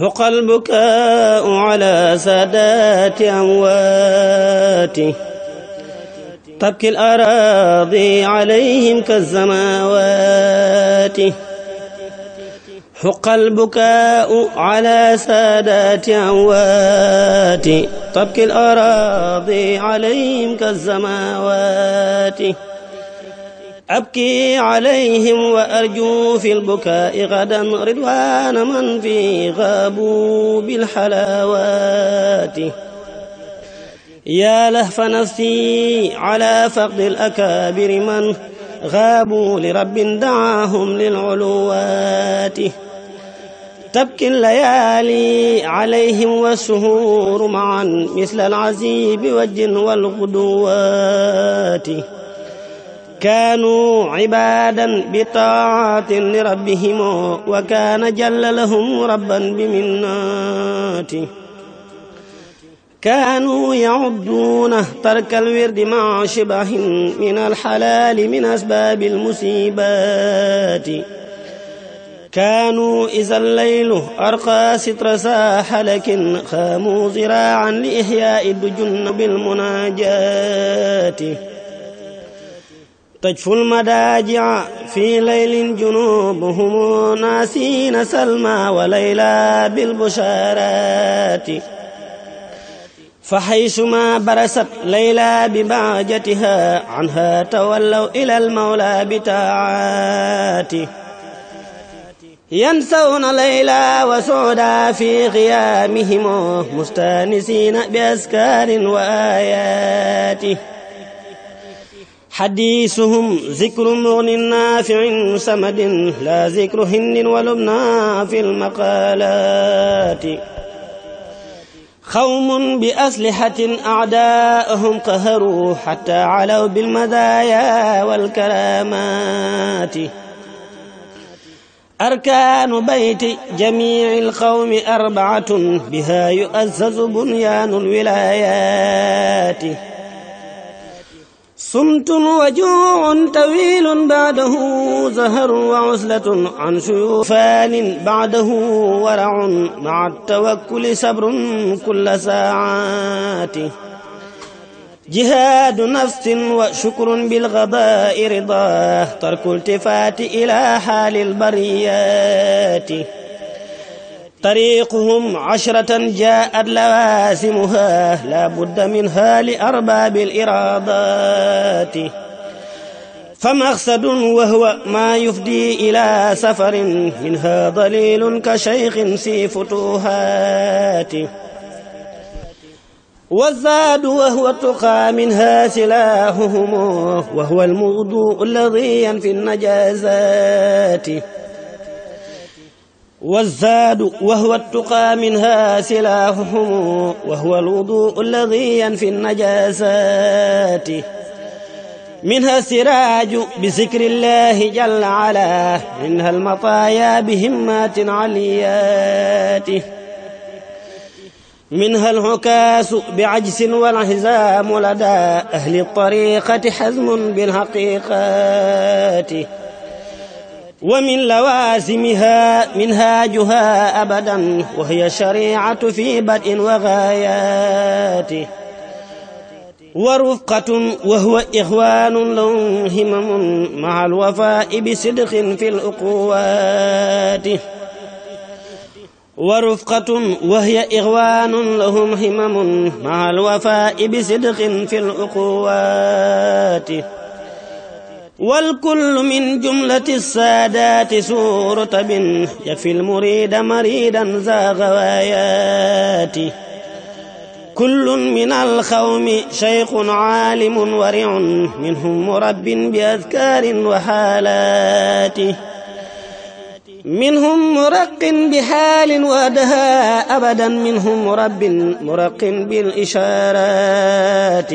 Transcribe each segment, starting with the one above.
حق البكاء على سادات أمواته تبكي الأراضي عليهم كالزماوات حق البكاء على سادات أموات تبكي الأراضي عليهم كالزماوات أبكي عليهم وأرجو في البكاء غدا رضوان من في غابوا بالحلاوات يا لهف نفسي على فقد الأكابر من غابوا لرب دعاهم للعلوات تبكي الليالي عليهم والسهور معا مثل العزيب والجن والغدوات كانوا عبادا بطاعة لربهم وكان جل لهم ربا بمناته كانوا يعدون ترك الورد مع شبه من الحلال من أسباب المصيبات كانوا إذا الليل أرقى ستر ساح لكن خاموا ذراعا لإحياء الدجن بالمناجات تجفو المداجع في ليل جنوبهم ناسين سلمى وليلى بالبشارات فحيثما برست ليلى ببهجتها عنها تولوا إلى المولى بتاعات ينسون ليلى وسودا في غيامهم مستانسين بأذكار وآياته حديثهم ذكر مغن نافع سمد لا ذكر هن ولبنى في المقالات قوم بأسلحة أعداءهم قهروا حتى علوا بالمدايا والكرامات أركان بيت جميع القوم أربعة بها يؤزز بنيان الولايات صمت وجوع طويل بعده زهر وعزلة عن شيوفان بعده ورع مع التوكل صبر كل ساعات جهاد نفس وشكر بالغباء رضاه ترك التفات إلى حال البريات طريقهم عشرة جاءت لواسمها لا بد منها لأرباب الإرادات فمقصد وهو ما يفدي إلى سفر منها ضليل كشيخ في فتوهات والزاد وهو التقى منها سلاحهم وهو الموضوع الذي ينفي النجازات والزاد وهو التقى منها سلاحهم وهو الوضوء الذي ينفي النجاسات منها السراج بذكر الله جل على منها المطايا بهمات عليات منها العكاس بعجس والعزام لدى أهل الطريقة حزم بالحقيقات ومن لوازمها منهاجها أبدا وهي شريعة في بدء وغاياته ورفقة وهو إخوان لهم همم مع الوفاء بصدق في الأقوات ورفقة وهي إخوان لهم همم مع الوفاء بصدق في الأقوات والكل من جملة السادات سورة بن يكفي المريد مريدا ذا غوايات كل من الخوم شيخ عالم ورع منهم مرب بأذكار وحالات منهم مرق بحال وادها أبدا منهم مرب مرق بالإشارات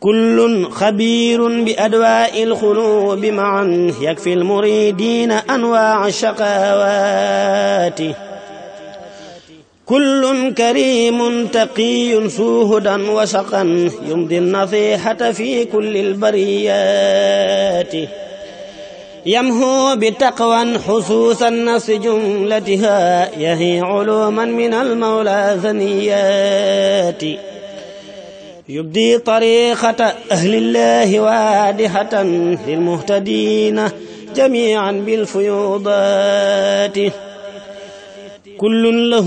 كل خبير بأدواء القلوب معا يكفي المريدين أنواع الشقاوات كل كريم تقي سوهدا وسقا يمضي النصيحة في كل البريات يمهو بتقوى حسوس النفس جملتها يهي علوما من المولى ثنيات يبدي طريقة أهل الله وادحة للمهتدين جميعا بالفيوضات كل له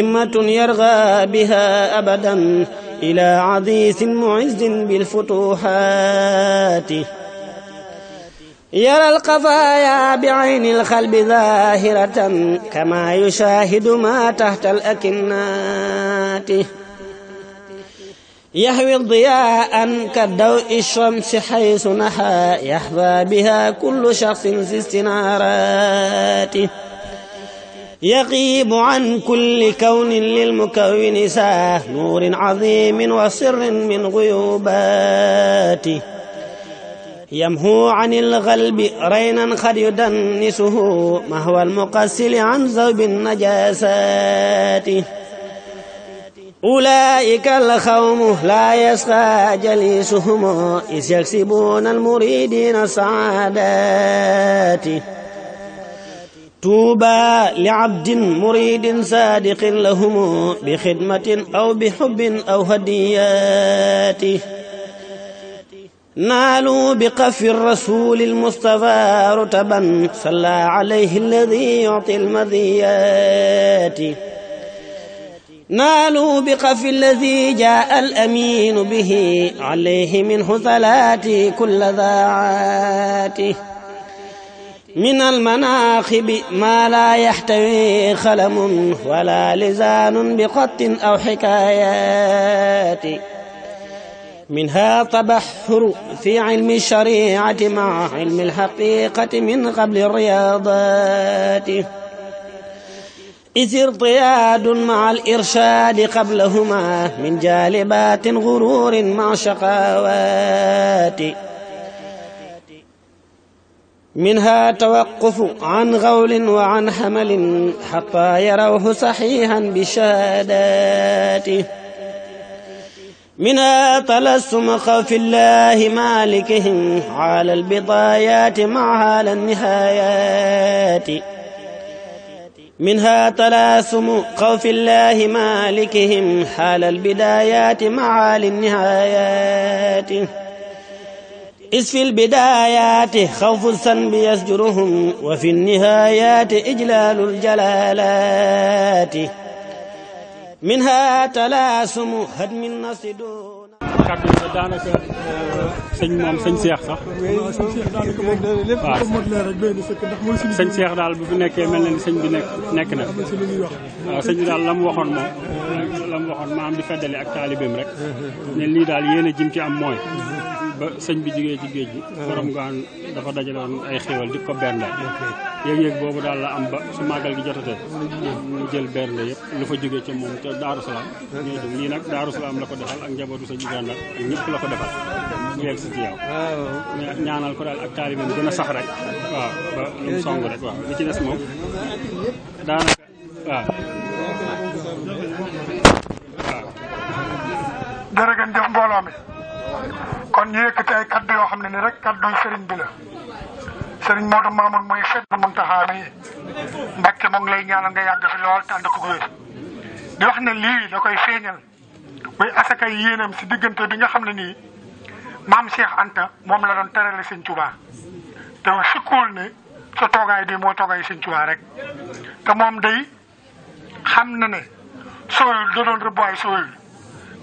همة يرغى بها أبدا إلى عزيز معز بالفتوحات يرى القضايا بعين القلب ظاهرة كما يشاهد ما تحت الأكنات يهوي ضياء كالضوء الشمس حيث نحى يحظى بها كل شخص في استناراته يغيب عن كل كون للمكون ساه نور عظيم وسر من غيوباته يمهو عن الغلب رينا قد يدنسه مهوى المقسل عن زوب النجاسات أولئك الخوم لا يسقى جليسهم إذ يكسبون المريدين سعادات توبى لعبد مريد صادق لهم بخدمة أو بحب أو هديات نالوا بقف الرسول المصطفى رتبا صلى عليه الذي يعطي المذيات نالوا بقف الذي جاء الأمين به عليه من حثلات كل ذاعاته من المناخب ما لا يحتوي خلم ولا لزان بقط أو حكايات منها تبحر في علم الشريعة مع علم الحقيقة من قبل الرياضات إذ ارضياد مع الإرشاد قبلهما من جالبات غرور مع شقاوات منها توقف عن غول وعن حمل حتى يروه صحيحا بشهادات منها تلسم خوف الله مالكهم على البضايات معها للنهايات النهايات منها تلاسم خوف الله مالكهم حال البدايات مع النهايات إذ في البدايات خوف السنب يسجرهم وفي النهايات إجلال الجلالات منها تلاسم هدم النصدون sëñ moom sëñ Cheikh sax. waaw sëñ daal bu fi nekkee mel na ni sëñ bi nekk nekk na. waaw sëñ bi daal la waxoon moom. la mu waxoon maam di feddali ak taalibeem rek. ne lii daal yéen a jëm ci am mooy. ba sëñ bi jógee ci géej gi borom dafa dajale woon ay xéewal di ko bernde yëg-yëg boobu daal la am ba su màggal gi jotatee mu jël bernde yëpp lu fa jógee ci moom te Daaru lii nag Daaru Salaam la ko defal ak njabootu sëñ Ibrahima la ko defal mu ñaanal ko daal ak taalibeem gën a sax rek waaw ba lu mu rek waaw li ci des moom daanaka waaw jërëjëf mbooloo mi kon ñu yëkkati ay kaddu yoo xam ne ni rek kaddu yi sëriñ bi la sëriñ Modou Mamoun mooy xet bu Muntaxa mi Mbàkke moo ngi lay ñaanal nga yàgg fi lool tànd ko wér di wax ne lii da koy feeñal muy asaka yéenam si diggante bi nga xam ne nii maam Cheikh Anta moom la doon terale sëñ Tuubaa te sikkuwul ne sa toogaay bi moo toogaay sëñ Tuubaa rek te moom day xam na ne sooyul da doon rëbbuwaay sooyul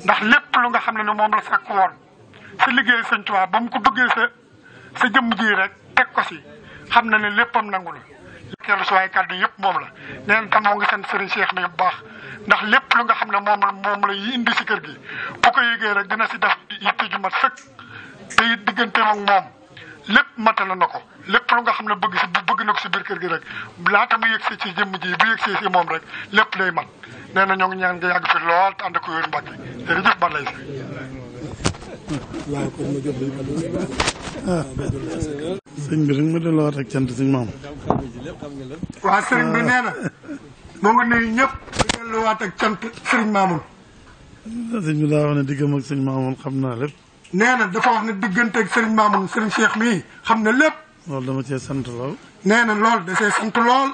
ndax lépp lu nga xam ne ni moom la sàkk woon sa liggéey sëñ Tuubaa ba mu ko bëggee sa sa jii ji rek teg ko si xam na ne léppam nangu la. teelu si waaye kàddu yëpp moom la neen tam moo ngi sant sëriñ yeex mi bu baax ndax lépp lu nga xam ne moom la moom la yi indi si kër gi bu ko yëgee rek dina si def mat sëkk te it digganteem ak lépp matala na ko lépp lu nga xam ne bëgg si bëgg na ko si biir kër gi rek laata mu yëg si si jëmm ji bu yëg si si moom rek lépp lay mat nee na ñoo ngi ñaan nga yàgg fi lool te ànd ak wér mbàkke jërëjëf ba lay si waaw kon ma jox leen ah. sëñ bi rek ma delloo rek cant sëñ maam. waaw sëriñ bi nee na. moo ngi nuyu ñëpp. di delluwaat ak cant sëriñ maamoon. sëñ bi daa wax ne xam na dafa wax ne diggante ak sëriñ maamoon sëriñ xam na lépp. loolu lool. nee na cee sant lool.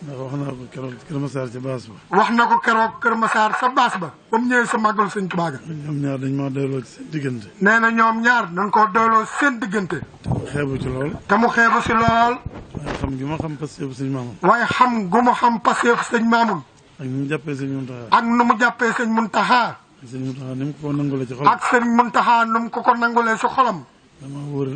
ndax wax naa ko keroog Kër Masaar ca baas ba. wax na ko keroog Kër Masaar sa baas ba. ba mu ñëwee sa màggal sëñ Tuubaa ga. ñoom ñaar dañ maa doyloo ci seen diggante. nee na ñoom ñaar dañ koo doyloo seen diggante. te mu xeebu ci lool. te mu xeebu ci lool. waaye xam gi ma xam pasteefu sëñ Maamun. waaye xam gu ma xam pasteefu sëñ Maamun. ak nu mu jàppee sëñ Muntaxaa. ak nu mu jàppee sëñ Muntaxaa. ak sëñ Muntaxaa ni mu ko ko nangulee ci xolam. ak sëñ Muntaxaa ni mu ko ko nangulee ci xolam. dama wóor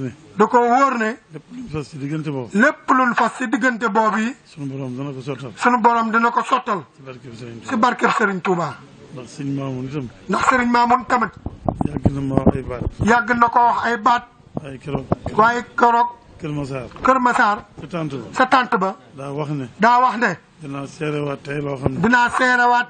ne. da ko wóor ne. lépp luñ fas ci diggante boobu. lépp luñ fas ci diggante boobu yi. sunu borom dana ko sottal. sunu borom dana ko sottal. ci barkeb Serigne Touba ci Touba. ndax Serigne Mamoun itam. tamit. yàgg na ma wax ay baat. yàgg na ko wax ay baat. waaye keroog. waaye keroog. Kër Massar. Kër Massar. sa tante ba sa tante ba. daa wax ne. da wax ne. dinaa seerewaat tey loo xam ne.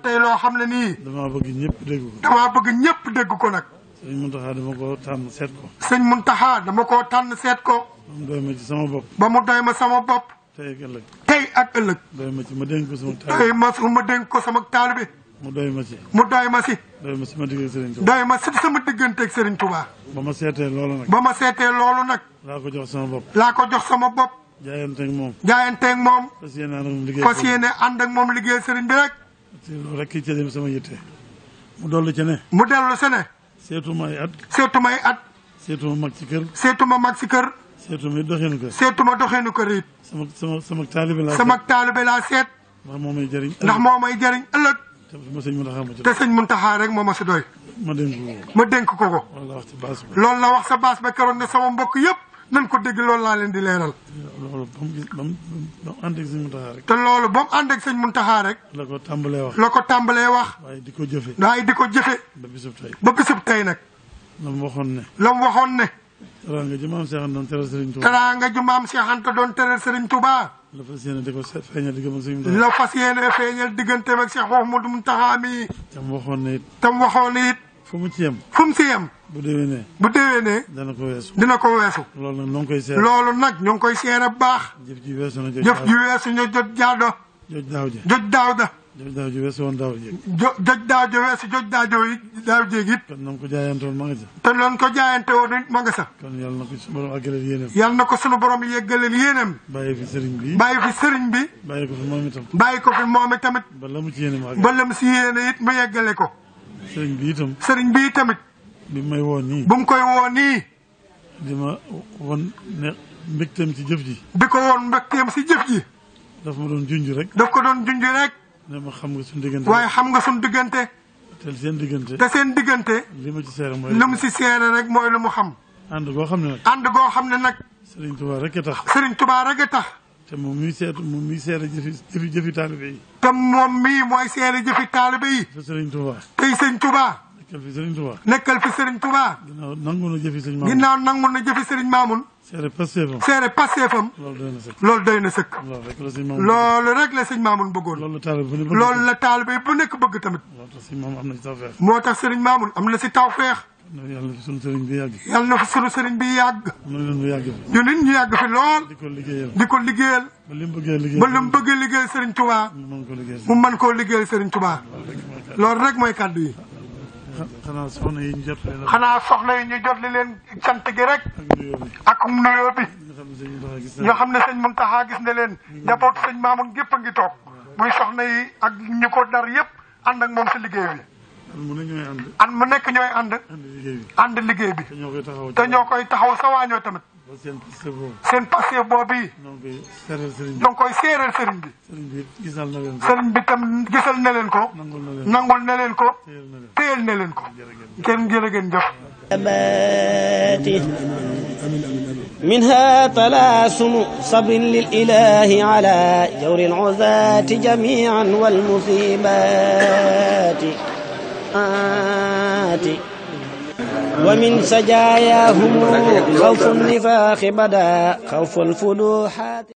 tey loo xam ne nii. damaa bëgg ñëpp dégg bëgg ñëpp dégg ko nag. sëñ Muntaxa dama koo tànn seet ko. sëñ Muntaxa dama koo tànn seet ko. ba mu doy ma sama bopp. ba mu doy ma sama bopp. tey ak ëllëg. tey ak ëllëg. ma ma dénk ko sama taalibe. ma ma dénk ko sama taalibe. mu doy ma ci. mu doy ma si. ma sama digganteeg Serigne Touba. doy ma sama digganteeg Serigne Touba. ba ma seetee loolu nag. ba ma seetee loolu nag. laa ko jox sama bopp. laa ko jox sama bopp. jaayanteeg moom. jaayanteeg moom. fas yéene ànd ak moom liggéey. fas yéene ànd ak moom liggéey Serigne bi rek. te loolu rek ki sama yitte. mu dollu ci mu dellu ci ne. seetuma ay at. seetuma ay at. seetuma mag ci kër. seetuma mag ci kër. seetuma doxinu kër. seetuma kër it. sama sama sama taalibe laa. sama taalibe laa seet. ndax moo may jëriñ. ndax moo may Muntaxa ma ci te sëñ Muntaxa rek moo ma si doy. ma dénk ko ma dénk ko ko. loolu la wax sa baas ba keroog ne sama mbokk yëpp nañ ko dégg loolu laa leen di leeral. loolu ba mu ba mu ba mu ànd ak sëñ Muntaxa rek. te loolu ba mu ànd ak sëñ Muntaxa rek. la ko tàmbalee wax la ko tàmbalee wax. waaye di ko jëfe ba bisub tey ba bisub tey nag. la mu waxoon ne. la mu waxoon ne. teraanga ju maam Seex Anta doon teral Serigne Touba. teraanga ju maam Seex la fas yéene di ko feeñal diggante ak Serigne Touba. la fas yéene feeñal diggante ak mi. tam waxoon ne it. tam waxoon ne it. fu mu ci yem. fu mu ci yem. bu déwénee. bu déwénee. dana ko weesu. dina ko weesu. loolu nag ñoo ngi koy seere. loolu nag ñoo ngi koy seere baax. jëf ji weesu na jot jëf ji weesu na jot jaado. jot daaw ja jot daaw da. joj daaw ji weesu woon daaw jéeg. jo joj daaw ji weesu joj nam ko jaayante ma nga sa. te loon ko jaayante woon ma nga sa. kon yàlla na ko borom àggaleel yéenam. yàlla na ko sunu borom yeggaleel yéenam. bàyyi fi sëriñ bi bàyyi fi sëriñ bi. bàyyi ko fi moom itam. bàyyi ko fi moom itamit. ba la ci yéene ba la ci yéene it mu yeggale ko. sëriñ bi itam. sëriñ bi tamit. bi may woo nii. bu mu koy woo nii. dima ma won ne mbégteem ci jëf ji. di ko woon mbégteem si jëf ji. daf ma doon junj rek. daf ko doon junj rek. ne ma xam nga suñu diggante. waaye xam nga sum diggante. te seen diggante. te seen diggante. li ma ci seere mooy. li si seere rek mooy lu mu xam. ànd goo xam ne nag. ànd goo xam ne nag. sëriñ Tuubaa rek a tax. sëriñ Tuubaa tax. te moom miy seetu moom jëfi jëfi jëfi taalibe yi. te moom mii jëfi taalibe yi. te Sëriñ Tuubaa. tey Sëriñ Tuubaa. nekkal fi Serigne Touba. nekkal na jëfi Serigne na jëfi Serigne Mamoun. seere pasteefam. seere pasteefam. loolu rek la Serigne Mamoun bëggoon. loolu la taalibe bu bëgg tamit. moo tax Serigne Mamoun am na si tawfeex. yàlla na fi sunu sëriñ yàgg. yàlla na fi sunu sëriñ bi yàgg. ñu nit ñu yàgg fi lool. di ko liggéeyal di ko liggéeyal. ba koo liggéeyal sëriñ Tuubaa. loolu rek mooy kàddu yi. xanaa soxna yi ñu jot leen. xanaa soxna yi jot li leen sant gi rek. ak nuyoo bi. ñoo xam ne sëñ Muntaxa gis na leen. njaboot sëñ Mamoune gépp a ngi toog. muy soxna yi ak ñu ko dar yëpp ànd ak moom si liggéey bi. an mu ne ñooy nekk ñooy ànd. ànd liggéey bi ànd liggéey ñoo koy taxaw sa waañoo tamit. سين باسيو بوبي دونكو سيرال سيرن بي سيرن بي غيسال نالنكو نانغول نالنكو تيل نالنكو كين جيرغن جوف منها تلاسم صب للإله على جور العزات جميعا والمصيبات ومن سجاياهم خوف النفاق بدا خوف الفضوحات